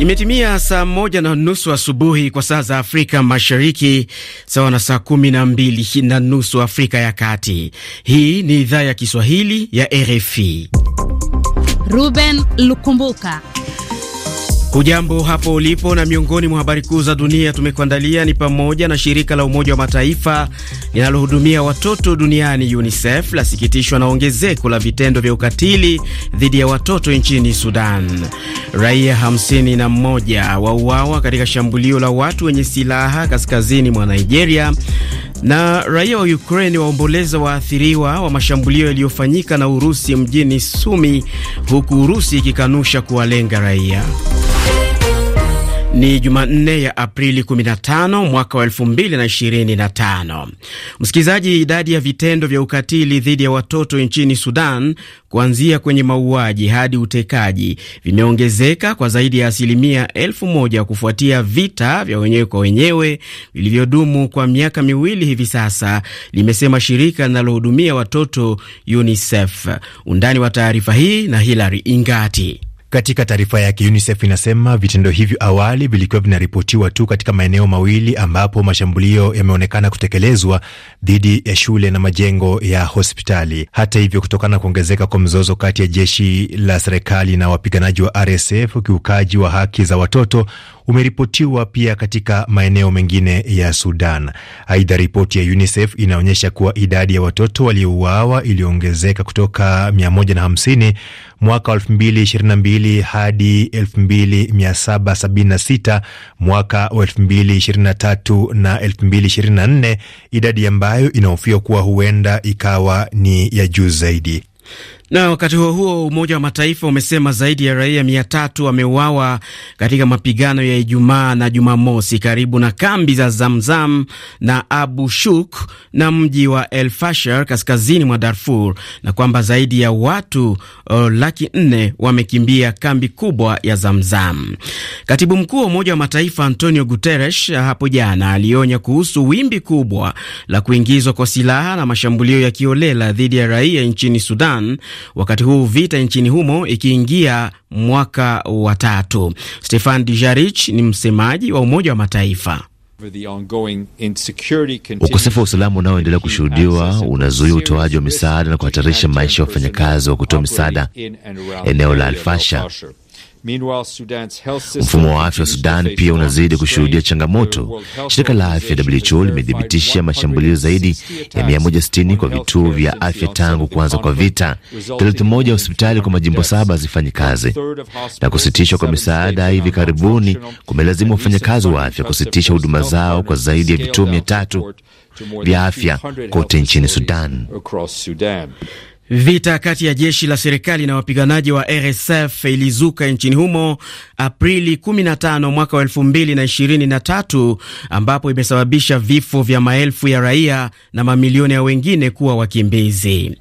Imetimia saa moja na nusu asubuhi kwa saa za Afrika Mashariki, sawa na saa kumi na mbili na nusu Afrika ya Kati. Hii ni idhaa ya Kiswahili ya RFI. Ruben Lukumbuka Hujambo hapo ulipo, na miongoni mwa habari kuu za dunia tumekuandalia ni pamoja na shirika la Umoja wa Mataifa linalohudumia watoto duniani UNICEF lasikitishwa na ongezeko la vitendo vya ukatili dhidi ya watoto nchini Sudan. Raia 51 wauawa katika shambulio la watu wenye silaha kaskazini mwa Nigeria, na raia wa Ukraine waomboleza waathiriwa wa mashambulio yaliyofanyika na Urusi mjini Sumi, huku Urusi ikikanusha kuwalenga raia. Ni Jumanne ya Aprili 15 mwaka wa 2025. Msikilizaji, idadi ya vitendo vya ukatili dhidi ya watoto nchini Sudan, kuanzia kwenye mauaji hadi utekaji, vimeongezeka kwa zaidi ya asilimia elfu moja kufuatia vita vya wenyewe kwa wenyewe vilivyodumu kwa miaka miwili hivi sasa, limesema shirika linalohudumia watoto UNICEF. Undani wa taarifa hii na Hilary Ingati. Katika taarifa yake UNICEF inasema vitendo hivyo awali vilikuwa vinaripotiwa tu katika maeneo mawili ambapo mashambulio yameonekana kutekelezwa dhidi ya shule na majengo ya hospitali. Hata hivyo, kutokana na kuongezeka kwa mzozo kati ya jeshi la serikali na wapiganaji wa RSF, ukiukaji wa haki za watoto umeripotiwa pia katika maeneo mengine ya Sudan. Aidha, ripoti ya UNICEF inaonyesha kuwa idadi ya watoto waliouawa iliongezeka kutoka 150 mwaka 2022 hadi 2776 mwaka wa 2023 na 2024, idadi ambayo inahofiwa kuwa huenda ikawa ni ya juu zaidi. Na wakati huo huo, Umoja wa Mataifa umesema zaidi ya raia mia tatu wameuawa katika mapigano ya Ijumaa na Jumamosi karibu na kambi za Zamzam na Abu Shuk na mji wa El Fasher kaskazini mwa Darfur, na kwamba zaidi ya watu uh, laki nne wamekimbia kambi kubwa ya Zamzam. Katibu mkuu wa Umoja wa Mataifa Antonio Guterres hapo jana alionya kuhusu wimbi kubwa la kuingizwa kwa silaha na mashambulio ya kiolela dhidi ya raia nchini Sudan wakati huu vita nchini humo ikiingia mwaka wa tatu. Stefan Dujarric ni msemaji wa Umoja wa Mataifa. Ukosefu wa usalama unaoendelea kushuhudiwa unazuia utoaji wa misaada na kuhatarisha maisha ya wafanyakazi wa kutoa misaada eneo la Alfasha. Mfumo wa afya wa Sudan pia unazidi kushuhudia changamoto. Shirika la afya WHO limethibitisha mashambulio zaidi ya 160 kwa vituo vya afya tangu kuanza kwa vita, theluthi moja ya hospitali kwa majimbo saba hazifanyi kazi, na kusitishwa kwa misaada hivi karibuni kumelazimu wafanyakazi wa afya kusitisha huduma zao kwa zaidi ya vituo mia tatu vya afya kote nchini Sudan. Vita kati ya jeshi la serikali na wapiganaji wa RSF ilizuka nchini humo Aprili 15 mwaka wa 2023 ambapo imesababisha vifo vya maelfu ya raia na mamilioni ya wengine kuwa wakimbizi.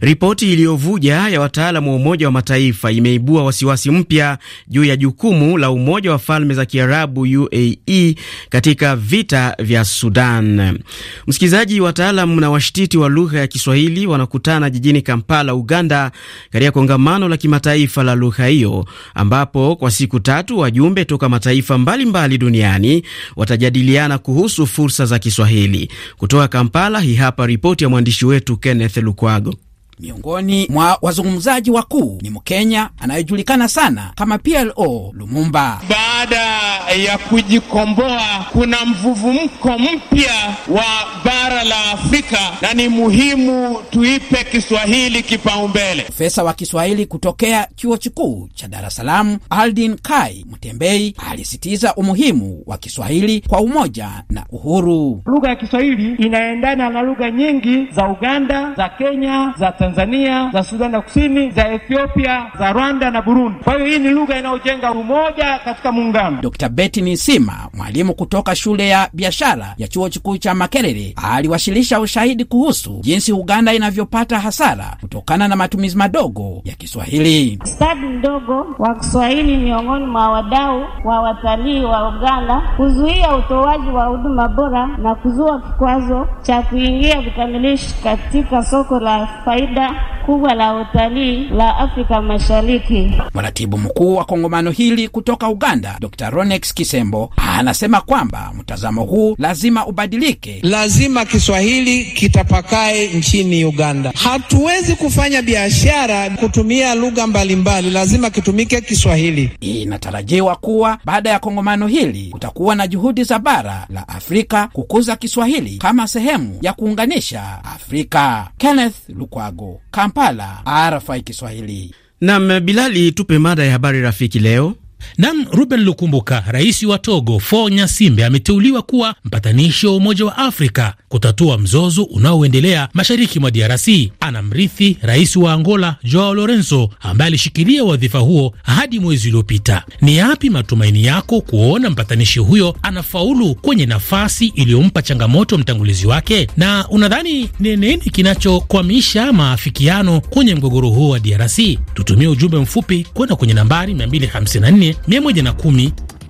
Ripoti iliyovuja ya wataalamu wa Umoja wa Mataifa imeibua wasiwasi mpya juu ya jukumu la Umoja wa Falme za Kiarabu UAE katika vita vya Sudan. Msikilizaji, wataalamu na washtiti wa lugha ya Kiswahili wanakutana jijini Kampala, Uganda, katika kongamano la kimataifa la lugha hiyo, ambapo kwa siku tatu wajumbe toka mataifa mbalimbali mbali duniani watajadiliana kuhusu fursa za Kiswahili. Kutoka Kampala, hii hapa ripoti ya mwandishi wetu Kenneth Lukwago. Miongoni mwa wazungumzaji wakuu ni Mkenya anayejulikana sana kama PLO Lumumba. Baada ya kujikomboa, kuna mvuvumko mpya wa bara la Afrika na ni muhimu tuipe Kiswahili kipaumbele. Profesa wa Kiswahili kutokea chuo kikuu cha Dar es Salaam Aldin Kai Mtembei alisitiza umuhimu wa Kiswahili kwa umoja na uhuru. Lugha ya Kiswahili inaendana na lugha nyingi za Uganda, za Kenya, za Tanzania, za Sudani Kusini, za Ethiopia, za Rwanda na Burundi. Kwa hiyo hii ni lugha inayojenga umoja katika muungano. Dr. Beti Nisima, mwalimu kutoka shule ya biashara ya chuo kikuu cha Makerere, aliwasilisha ushahidi kuhusu jinsi Uganda inavyopata hasara kutokana na matumizi madogo ya Kiswahili. Stadi mdogo wa Kiswahili miongoni mwa wadau wa watalii wa Uganda kuzuia utoaji wa huduma bora na kuzua kikwazo cha kuingia vikamilishi katika soko la faida kubwa la utalii la Afrika Mashariki. Mratibu mkuu wa kongamano hili kutoka Uganda, Dr. Ronex Kisembo anasema kwamba mtazamo huu lazima ubadilike. Lazima Kiswahili kitapakae nchini Uganda. Hatuwezi kufanya biashara kutumia lugha mbalimbali, lazima kitumike Kiswahili. Inatarajiwa kuwa baada ya kongamano hili kutakuwa na juhudi za bara la Afrika kukuza Kiswahili kama sehemu ya kuunganisha Afrika. Kenneth Lukwago, Kampala, RFI Kiswahili. Nam Bilali, tupe mada ya habari rafiki leo. Nam Ruben Lukumbuka, rais wa Togo Fo Nyasimbe, ameteuliwa kuwa mpatanishi wa Umoja wa Afrika kutatua mzozo unaoendelea mashariki mwa DRC. Anamrithi rais wa Angola Joao Lorenzo ambaye alishikilia wadhifa huo hadi mwezi uliopita. Ni yapi matumaini yako kuona mpatanishi huyo anafaulu kwenye nafasi iliyompa changamoto mtangulizi wake, na unadhani ni nini kinachokwamisha maafikiano kwenye mgogoro huo wa DRC? Tutumie ujumbe mfupi kwenda kwenye nambari 254 110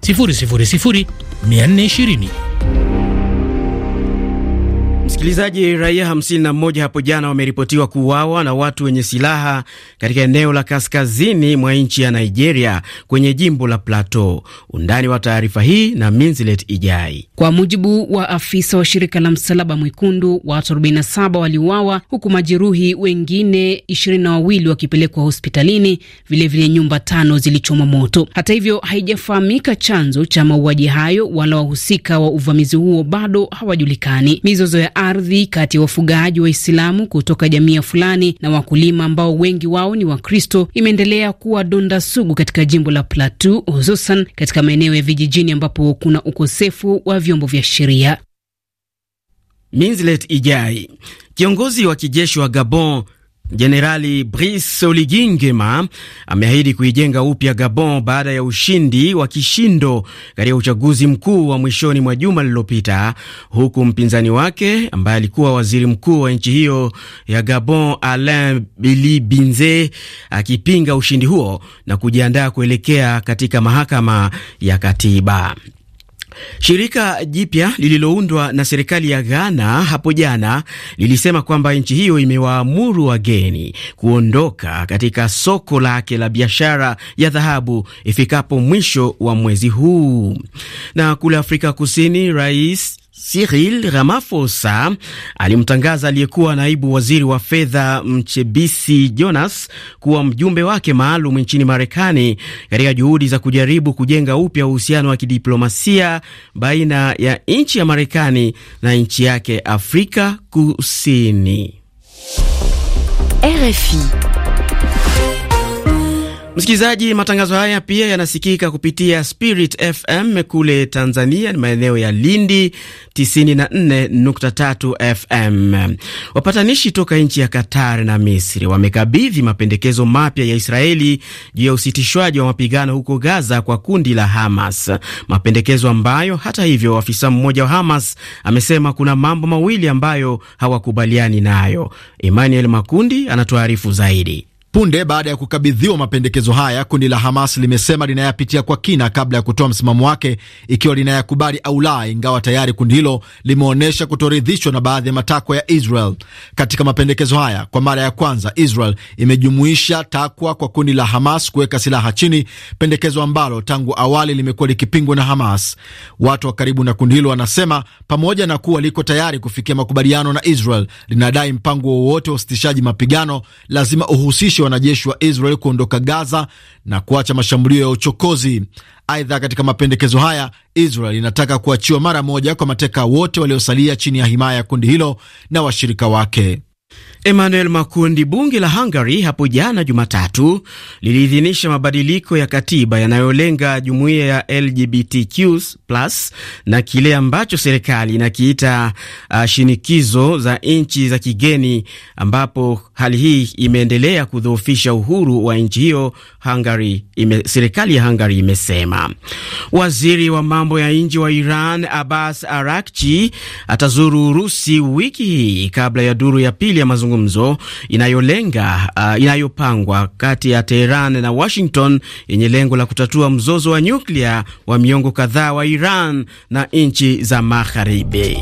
000 420. Msikilizaji, raia 51 hapo jana wameripotiwa kuuawa na watu wenye silaha katika eneo la kaskazini mwa nchi ya Nigeria kwenye jimbo la Plateau. Undani wa taarifa hii na Minzlet Ijai. Kwa mujibu wa afisa wa shirika la Msalaba Mwekundu, watu 47 waliuawa huku majeruhi wengine 22 wakipelekwa hospitalini. Vilevile vile nyumba tano zilichoma moto. Hata hivyo, haijafahamika chanzo cha mauaji hayo wala wahusika wa uvamizi huo bado hawajulikani. Mizozo ya ardhi kati ya wafugaji Waislamu kutoka jamii fulani na wakulima ambao wengi wao ni Wakristo imeendelea kuwa donda sugu katika jimbo la Plateau, hususan katika maeneo ya vijijini ambapo kuna ukosefu wa vyombo vya sheria. Minzlet Ijai, kiongozi wa kijeshi wa Gabon, Jenerali Brice Oligui Nguema ameahidi kuijenga upya Gabon baada ya ushindi wa kishindo katika uchaguzi mkuu wa mwishoni mwa juma lililopita, huku mpinzani wake ambaye alikuwa waziri mkuu wa nchi hiyo ya Gabon Alain Billy Binze akipinga ushindi huo na kujiandaa kuelekea katika mahakama ya katiba. Shirika jipya lililoundwa na serikali ya Ghana hapo jana lilisema kwamba nchi hiyo imewaamuru wageni kuondoka katika soko lake la biashara ya dhahabu ifikapo mwisho wa mwezi huu. Na kule Afrika Kusini, rais Cyril Ramaphosa alimtangaza aliyekuwa naibu waziri wa fedha Mchebisi Jonas kuwa mjumbe wake maalum nchini Marekani katika juhudi za kujaribu kujenga upya uhusiano wa kidiplomasia baina ya nchi ya Marekani na nchi yake Afrika Kusini. RFI Msikilizaji, matangazo haya pia yanasikika kupitia Spirit FM kule Tanzania, ni maeneo ya Lindi 94.3 FM. Wapatanishi toka nchi ya Qatar na Misri wamekabidhi mapendekezo mapya ya Israeli juu ya usitishwaji wa mapigano huko Gaza kwa kundi la Hamas, mapendekezo ambayo hata hivyo, afisa mmoja wa Hamas amesema kuna mambo mawili ambayo hawakubaliani nayo. Emmanuel Makundi anatuarifu zaidi. Punde baada ya kukabidhiwa mapendekezo haya, kundi la Hamas limesema linayapitia kwa kina kabla ya kutoa msimamo wake, ikiwa linayakubali au la, ingawa tayari kundi hilo limeonyesha kutoridhishwa na baadhi ya matakwa ya Israel. Katika mapendekezo haya, kwa mara ya kwanza Israel imejumuisha takwa kwa kundi la Hamas kuweka silaha chini, pendekezo ambalo tangu awali limekuwa likipingwa na Hamas. Watu wa karibu na kundi hilo wanasema pamoja na kuwa liko tayari kufikia makubaliano na Israel, linadai mpango wowote wa usitishaji mapigano lazima uhusishe wanajeshi wa Israel kuondoka Gaza na kuacha mashambulio ya uchokozi. Aidha, katika mapendekezo haya Israel inataka kuachiwa mara moja kwa mateka wote waliosalia chini ya himaya ya kundi hilo na washirika wake. Emmanuel Makundi. Bunge la Hungary hapo jana Jumatatu liliidhinisha mabadiliko ya katiba yanayolenga jumuiya ya LGBTQ na kile ambacho serikali inakiita uh, shinikizo za nchi za kigeni, ambapo hali hii imeendelea kudhoofisha uhuru wa nchi hiyo, Hungary ime, serikali ya Hungary imesema. Waziri wa mambo ya nje wa Iran Abbas Arakchi atazuru Urusi wiki hii kabla ya duru ya pili ya mazungumzo mazungumzo inayolenga uh, inayopangwa kati ya Teheran na Washington yenye lengo la kutatua mzozo wa nyuklia wa miongo kadhaa wa Iran na nchi za Magharibi.